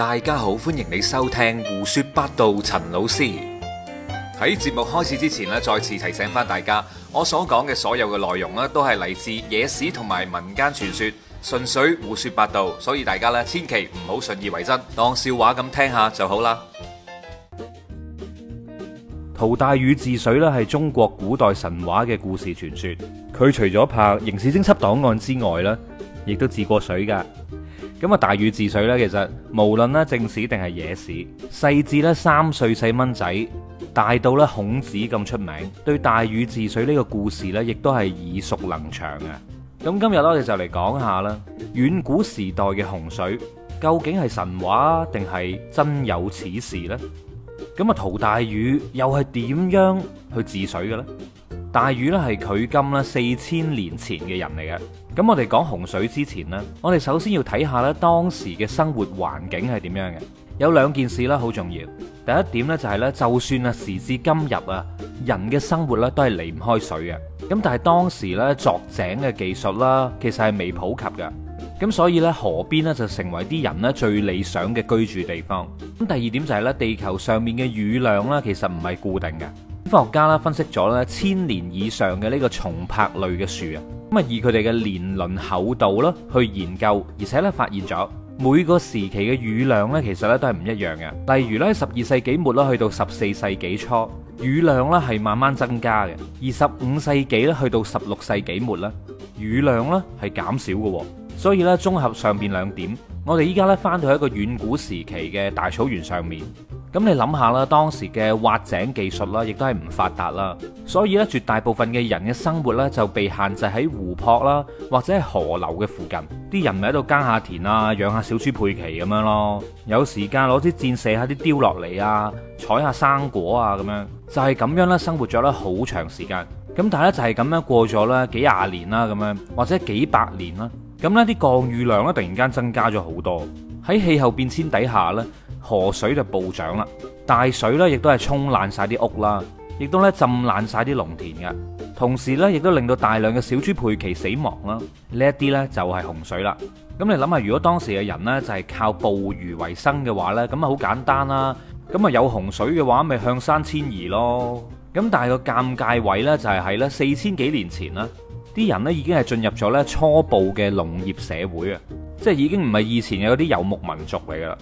大家好，歡迎你收聽胡說八道。陳老師喺節目開始之前咧，再次提醒翻大家，我所講嘅所有嘅內容咧，都係嚟自野史同埋民間傳說，純粹胡說八道，所以大家咧千祈唔好信以為真，當笑話咁聽下就好啦。陶大禹治水咧係中國古代神話嘅故事傳說，佢除咗拍刑事偵緝檔案之外咧，亦都治過水噶。咁啊，大禹治水咧，其實無論咧正史定係野史，細至咧三歲細蚊仔，大到咧孔子咁出名，對大禹治水呢個故事咧，亦都係耳熟能詳啊。咁今日我哋就嚟講下啦，遠古時代嘅洪水究竟係神話定係真有此事呢？咁啊，陶大禹又係點樣去治水嘅咧？大禹咧係距今咧四千年前嘅人嚟嘅，咁我哋講洪水之前呢，我哋首先要睇下咧當時嘅生活環境係點樣嘅。有兩件事咧好重要。第一點呢，就係呢就算啊時至今日啊，人嘅生活呢都係離唔開水嘅。咁但係當時呢，鑿井嘅技術啦，其實係未普及嘅。咁所以呢，河邊呢就成為啲人呢最理想嘅居住地方。咁第二點就係呢，地球上面嘅雨量呢，其實唔係固定嘅。科學家啦分析咗咧千年以上嘅呢個松柏類嘅樹啊，咁啊以佢哋嘅年輪厚度啦去研究，而且咧發現咗每個時期嘅雨量咧其實咧都係唔一樣嘅。例如咧十二世紀末啦，去到十四世紀初，雨量咧係慢慢增加嘅，而十五世紀咧去到十六世紀末咧，雨量咧係減少嘅。所以咧綜合上邊兩點，我哋依家咧返到一個遠古時期嘅大草原上面。咁你諗下啦，當時嘅挖井技術啦，亦都係唔發達啦，所以呢，絕大部分嘅人嘅生活呢，就被限制喺湖泊啦，或者係河流嘅附近。啲人咪喺度耕下田啊，養下小豬佩奇咁樣咯，有時間攞支箭射下啲雕落嚟啊，採下生果啊咁樣，就係咁樣啦，生活咗咧好長時間。咁但係咧就係咁樣過咗咧幾廿年啦，咁樣或者幾百年啦，咁呢啲降雨量咧突然間增加咗好多，喺氣候變遷底下呢。河水就暴漲啦，大水咧亦都係沖爛晒啲屋啦，亦都咧浸爛晒啲農田嘅，同時咧亦都令到大量嘅小豬佩奇死亡啦。呢一啲呢就係洪水啦。咁你諗下，如果當時嘅人呢就係靠捕魚為生嘅話呢，咁啊好簡單啦。咁啊有洪水嘅話，咪向山遷移咯。咁但係個尷尬位呢，就係喺呢四千幾年前啦，啲人呢已經係進入咗呢初步嘅農業社會啊，即係已經唔係以前有啲遊牧民族嚟噶啦。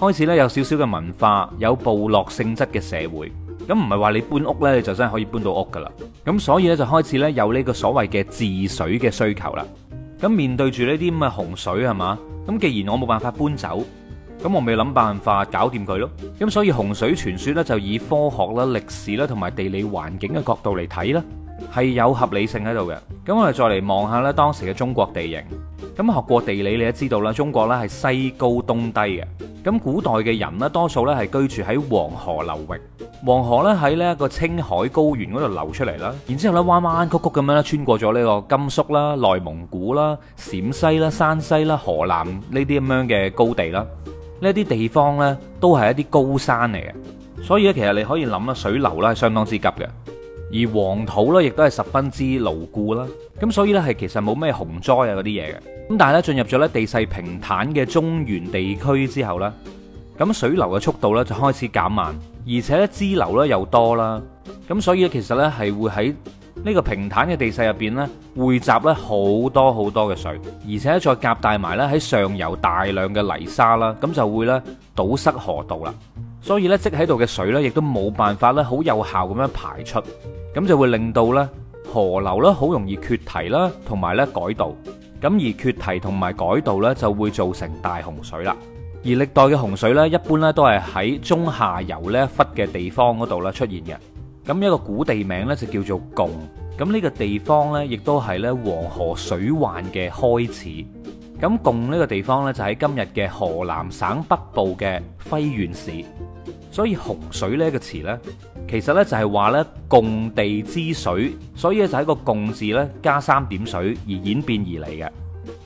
開始咧有少少嘅文化，有部落性質嘅社會，咁唔係話你搬屋呢，你就真係可以搬到屋噶啦。咁所以呢，就開始呢，有呢個所謂嘅治水嘅需求啦。咁面對住呢啲咁嘅洪水係嘛？咁既然我冇辦法搬走，咁我咪諗辦法搞掂佢咯。咁所以洪水傳說呢，就以科學啦、歷史啦同埋地理環境嘅角度嚟睇咧，係有合理性喺度嘅。咁我哋再嚟望下呢，當時嘅中國地形。咁學過地理你都知道啦，中國呢係西高東低嘅。咁古代嘅人呢，多數呢係居住喺黃河流域。黃河呢，喺呢個青海高原嗰度流出嚟啦，然之後呢，彎彎曲曲咁樣咧穿過咗呢個甘肅啦、內蒙古啦、陝西啦、山西啦、河南呢啲咁樣嘅高地啦，呢啲地方呢，都係一啲高山嚟嘅，所以咧其實你可以諗啦，水流咧係相當之急嘅，而黃土呢，亦都係十分之牢固啦，咁所以呢，係其實冇咩洪災啊嗰啲嘢嘅。咁但係咧，進入咗咧地勢平坦嘅中原地區之後咧，咁水流嘅速度咧就開始減慢，而且咧支流咧又多啦，咁所以其實咧係會喺呢個平坦嘅地勢入邊咧匯集咧好多好多嘅水，而且再夾帶埋咧喺上游大量嘅泥沙啦，咁就會咧堵塞河道啦，所以咧積喺度嘅水咧亦都冇辦法咧好有效咁樣排出，咁就會令到咧河流咧好容易決堤啦，同埋咧改道。咁而決堤同埋改道呢，就會造成大洪水啦。而歷代嘅洪水呢，一般呢都係喺中下游呢一忽嘅地方嗰度咧出現嘅。咁一個古地名呢，就叫做共，咁、這、呢個地方呢，亦都係呢黃河水患嘅開始。咁共呢個地方呢，就喺今日嘅河南省北部嘅輝縣市。所以洪水呢個詞咧，其實呢就係話呢「共地之水」，所以咧就係一個共字呢，加三點水而演變而嚟嘅。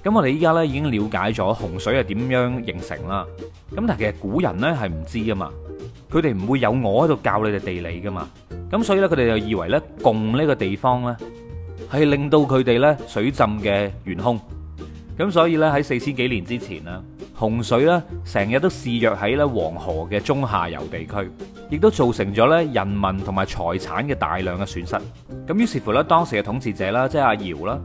咁我哋依家呢已經了解咗洪水係點樣形成啦。咁但係其實古人呢係唔知噶嘛，佢哋唔會有我喺度教你哋地理噶嘛。咁所以呢，佢哋就以為呢「共」呢個地方呢，係令到佢哋呢「水浸」嘅元兇。咁所以咧喺四千幾年之前啦，洪水咧成日都肆虐喺咧黃河嘅中下游地區，亦都造成咗咧人民同埋財產嘅大量嘅損失。咁於是乎咧，當時嘅統治者啦，即係阿堯啦，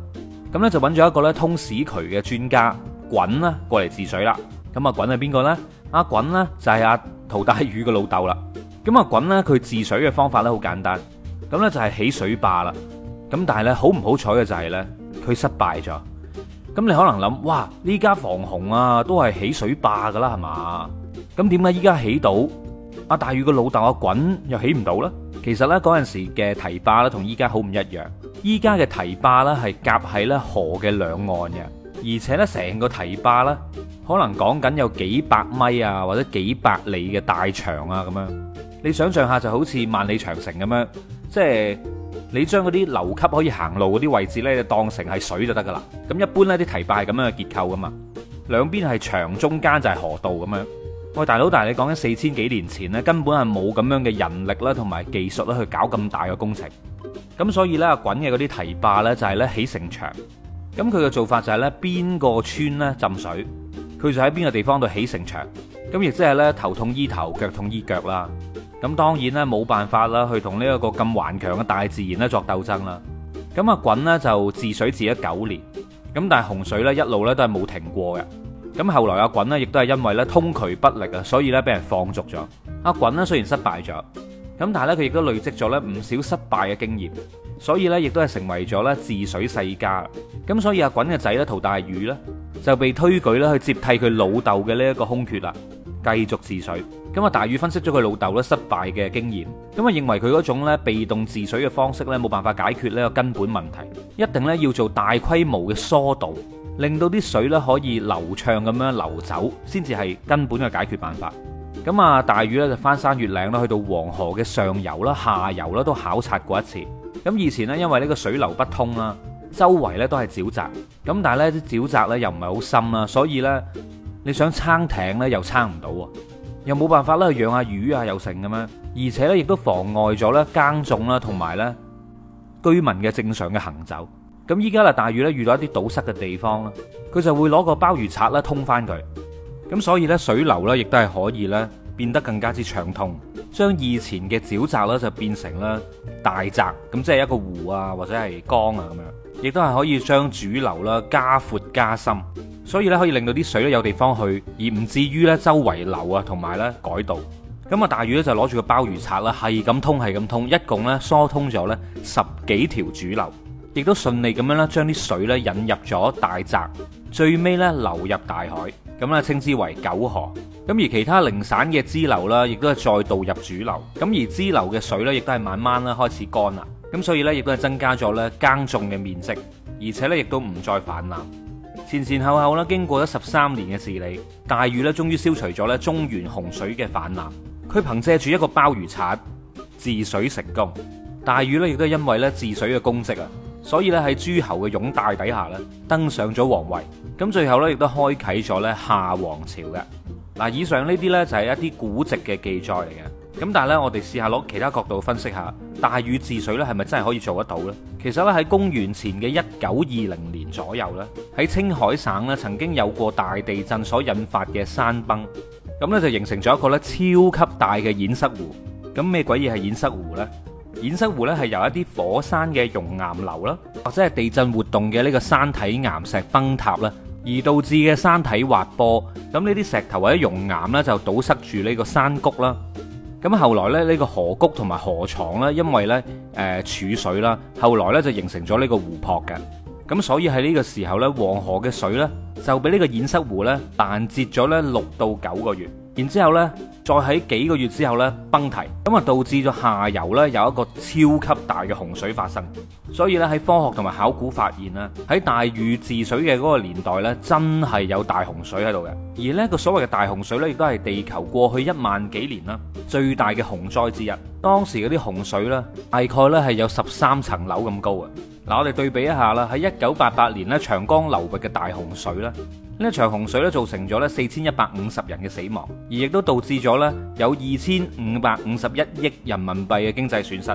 咁咧就揾咗一個咧通史渠嘅專家滾啦過嚟治水啦。咁啊，滾係邊個呢？阿滾呢，就係阿陶大宇陶大禹嘅老豆啦。咁啊，滾呢，佢治水嘅方法咧好簡單，咁咧就係、是、起水壩啦。咁但係咧好唔好彩嘅就係咧佢失敗咗。咁你可能諗，哇！呢家防洪啊，都係起水壩噶啦，係嘛？咁點解依家起到阿、啊、大禹個老豆阿鲧又起唔到呢？其實呢，嗰陣時嘅堤壩咧，同依家好唔一樣。依家嘅堤壩咧係夾喺咧河嘅兩岸嘅，而且呢，成個堤壩咧可能講緊有幾百米啊，或者幾百里嘅大牆啊，咁樣你想象下就好似萬里長城咁樣，即係。你將嗰啲留級可以行路嗰啲位置呢，就當成係水就得噶啦。咁一般呢啲堤壩係咁樣嘅結構噶嘛，兩邊係牆，中間就係河道咁樣。喂，大佬，大，你講緊四千幾年前呢，根本係冇咁樣嘅人力啦，同埋技術啦，去搞咁大嘅工程。咁所以咧，滾嘅嗰啲堤壩呢，就係、是、咧起城牆。咁佢嘅做法就係呢，邊個村呢浸水，佢就喺邊個地方度起城牆。咁亦即係呢，頭痛醫頭，腳痛醫腳啦。咁當然咧冇辦法啦，去同呢一個咁頑強嘅大自然咧作鬥爭啦。咁阿滾呢，就治水治咗九年，咁但係洪水咧一路咧都係冇停過嘅。咁後來阿滾呢，亦都係因為咧通渠不力啊，所以咧俾人放逐咗。阿滾呢，雖然失敗咗，咁但係咧佢亦都累積咗咧唔少失敗嘅經驗，所以咧亦都係成為咗咧治水世家。咁所以阿滾嘅仔咧陶大禹咧就被推舉咧去接替佢老豆嘅呢一個空缺啦。繼續治水，咁啊大禹分析咗佢老豆咧失敗嘅經驗，咁啊認為佢嗰種咧被動治水嘅方式咧冇辦法解決呢個根本問題，一定咧要做大規模嘅疏導，令到啲水咧可以流暢咁樣流走，先至係根本嘅解決辦法。咁啊大禹咧就翻山越嶺啦，去到黃河嘅上游啦、下游啦都考察過一次。咁以前呢，因為呢個水流不通啦，周圍咧都係沼澤，咁但係咧啲沼澤咧又唔係好深啦，所以呢。你想撐艇咧又撐唔到喎，又冇辦法啦去養下魚啊又成咁樣。而且咧亦都妨礙咗咧耕種啦，同埋咧居民嘅正常嘅行走。咁依家啦大雨咧遇到一啲堵塞嘅地方啦，佢就會攞個鮑魚刷啦通翻佢。咁所以呢，水流呢亦都係可以咧變得更加之暢通，將以前嘅沼澤咧就變成咧大澤，咁即係一個湖啊或者係江啊咁樣，亦都係可以將主流啦加闊加深。所以咧，可以令到啲水咧有地方去，而唔至於咧周圍流啊，同埋咧改道。咁啊，大禹咧就攞住個鮑魚刷啦，係咁通，係咁通，一共咧疏通咗咧十幾條主流，亦都順利咁樣咧將啲水咧引入咗大澤，最尾咧流入大海，咁咧稱之為九河。咁而其他零散嘅支流啦，亦都係再導入主流。咁而支流嘅水咧，亦都係慢慢咧開始乾啦。咁所以咧，亦都係增加咗咧耕種嘅面積，而且咧亦都唔再氾濫。前前後後啦，經過咗十三年嘅治理，大禹咧終於消除咗咧中原洪水嘅泛濫。佢憑借住一個鮑魚鏟治水成功，大禹咧亦都係因為咧治水嘅功績啊，所以咧喺諸侯嘅擁戴底下咧登上咗皇位。咁最後咧亦都開啟咗咧夏王朝嘅嗱。以上呢啲咧就係一啲古籍嘅記載嚟嘅。咁但係咧，我哋試下攞其他角度分析下。大禹治水咧，係咪真係可以做得到呢？其實咧喺公元前嘅一九二零年左右咧，喺青海省咧曾經有過大地震所引發嘅山崩，咁咧就形成咗一個咧超級大嘅掩塞湖。咁咩鬼嘢係掩塞湖呢？掩塞湖咧係由一啲火山嘅熔岩流啦，或者係地震活動嘅呢個山體岩石崩塌啦，而導致嘅山體滑坡。咁呢啲石頭或者熔岩咧就堵塞住呢個山谷啦。咁後來咧，呢、這個河谷同埋河床咧，因為咧，誒、呃、儲水啦，後來咧就形成咗呢個湖泊嘅。咁所以喺呢個時候咧，黃河嘅水咧就俾呢個堰塞湖咧攔截咗咧六到九個月。然之後呢，再喺幾個月之後呢，崩堤，咁啊導致咗下游呢有一個超級大嘅洪水發生。所以呢喺科學同埋考古發現呢喺大禹治水嘅嗰個年代呢，真係有大洪水喺度嘅。而呢個所謂嘅大洪水呢，亦都係地球過去一萬幾年啦最大嘅洪災之一。當時嗰啲洪水呢，大概呢係有十三層樓咁高啊！嗱，我哋對比一下啦，喺一九八八年呢長江流域嘅大洪水呢。呢一場洪水咧造成咗咧四千一百五十人嘅死亡，而亦都導致咗咧有二千五百五十一億人民幣嘅經濟損失。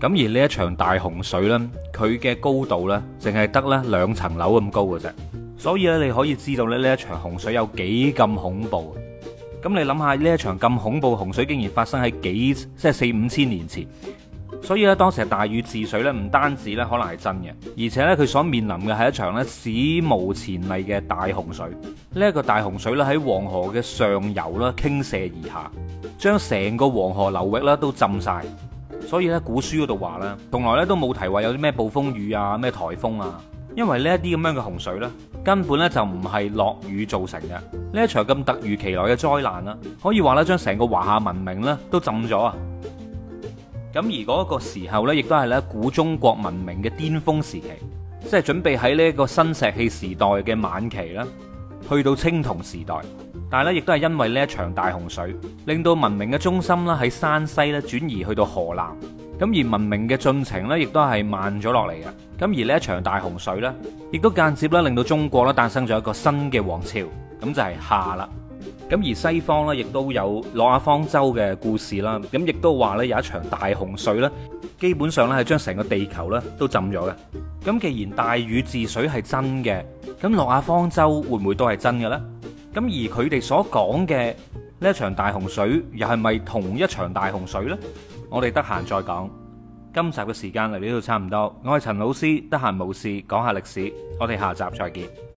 咁而呢一場大洪水咧，佢嘅高度咧淨係得咧兩層樓咁高嘅啫。所以咧，你可以知道咧呢一場洪水有幾咁恐怖。咁你諗下呢一場咁恐怖洪水竟然發生喺幾即係四五千年前。所以咧，當時大禹治水咧，唔單止咧可能係真嘅，而且咧佢所面臨嘅係一場咧史無前例嘅大洪水。呢一個大洪水咧喺黃河嘅上游啦傾瀉而下，將成個黃河流域啦都浸晒。所以咧古書嗰度話啦，從來咧都冇提話有啲咩暴風雨啊、咩颱風啊，因為呢一啲咁樣嘅洪水咧根本咧就唔係落雨造成嘅。呢一場咁突如其來嘅災難啦，可以話咧將成個華夏文明咧都浸咗啊！咁而嗰一個時候呢，亦都係呢古中國文明嘅巔峰時期，即係準備喺呢一個新石器時代嘅晚期啦，去到青銅時代。但係咧，亦都係因為呢一場大洪水，令到文明嘅中心啦喺山西咧轉移去到河南。咁而文明嘅進程呢，亦都係慢咗落嚟嘅。咁而呢一場大洪水呢，亦都間接咧令到中國咧誕生咗一個新嘅王朝，咁就係夏啦。咁而西方咧，亦都有諾亞方舟嘅故事啦。咁亦都話呢，有一場大洪水咧，基本上咧係將成個地球咧都浸咗嘅。咁既然大禹治水係真嘅，咁諾亞方舟會唔會都係真嘅呢？咁而佢哋所講嘅呢一場大洪水，又係咪同一場大洪水呢？我哋得閒再講。今集嘅時間嚟到呢度差唔多，我係陳老師，得閒無事講下歷史，我哋下集再見。